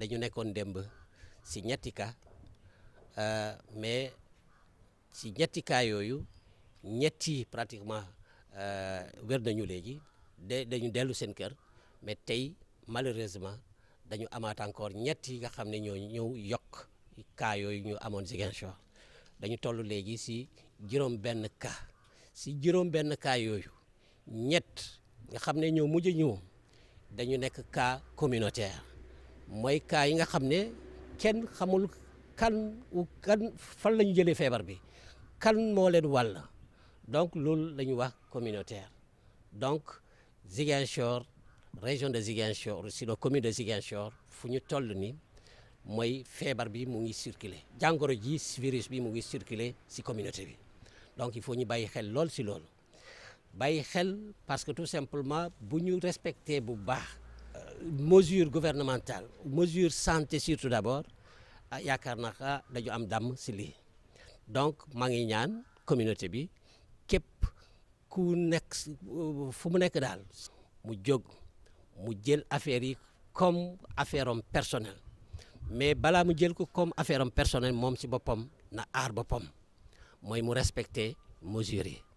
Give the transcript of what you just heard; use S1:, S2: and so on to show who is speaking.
S1: dañu nekkoon démb si ñetti cas euh, mais si ñetti cas yooyu ñetti pratiquement euh, wér nañu léegi de dañu dellu seen kër mais tey malheureusement dañu amaat encore ñetti nga xam ne ñoo ñëw yokk cas yooyu ñu amoon Ziguinchor dañu toll léegi si juróom benn cas si juróom benn cas yooyu ñett nga xam ne ñoo mujj ñëw dañu nekk cas communautaire mooy cas yi nga xam ne kenn xamul kan u kan fan la jëlee feebar bi kan moo leen wàll donc loolu la wax communautaire donc Ziguinchor région de Ziguinchor sinon commune de Ziguinchor fu ñu toll ni mooy feebar bi mu ngi circuler jàngoro ji virus bi mu ngi circuler si communauté bi donc il faut ñu bàyyi xel lool ci loolu bàyyi xel parce que tout simplement bu ñu respecté bu baax mesure gouvernementale mesure santé surtout d'abord ah, yaakaar naa dañu am dàmm si lii donc maa ngi ñaan communauté bi képp ku nekk si euh, fu mu nekk daal mu jóg mu jël affaire yi comme affaire am personnelle mais balaa mu jël ko comme affaire am personnelle moom si boppam na aar boppam mooy mu respecter mesures yi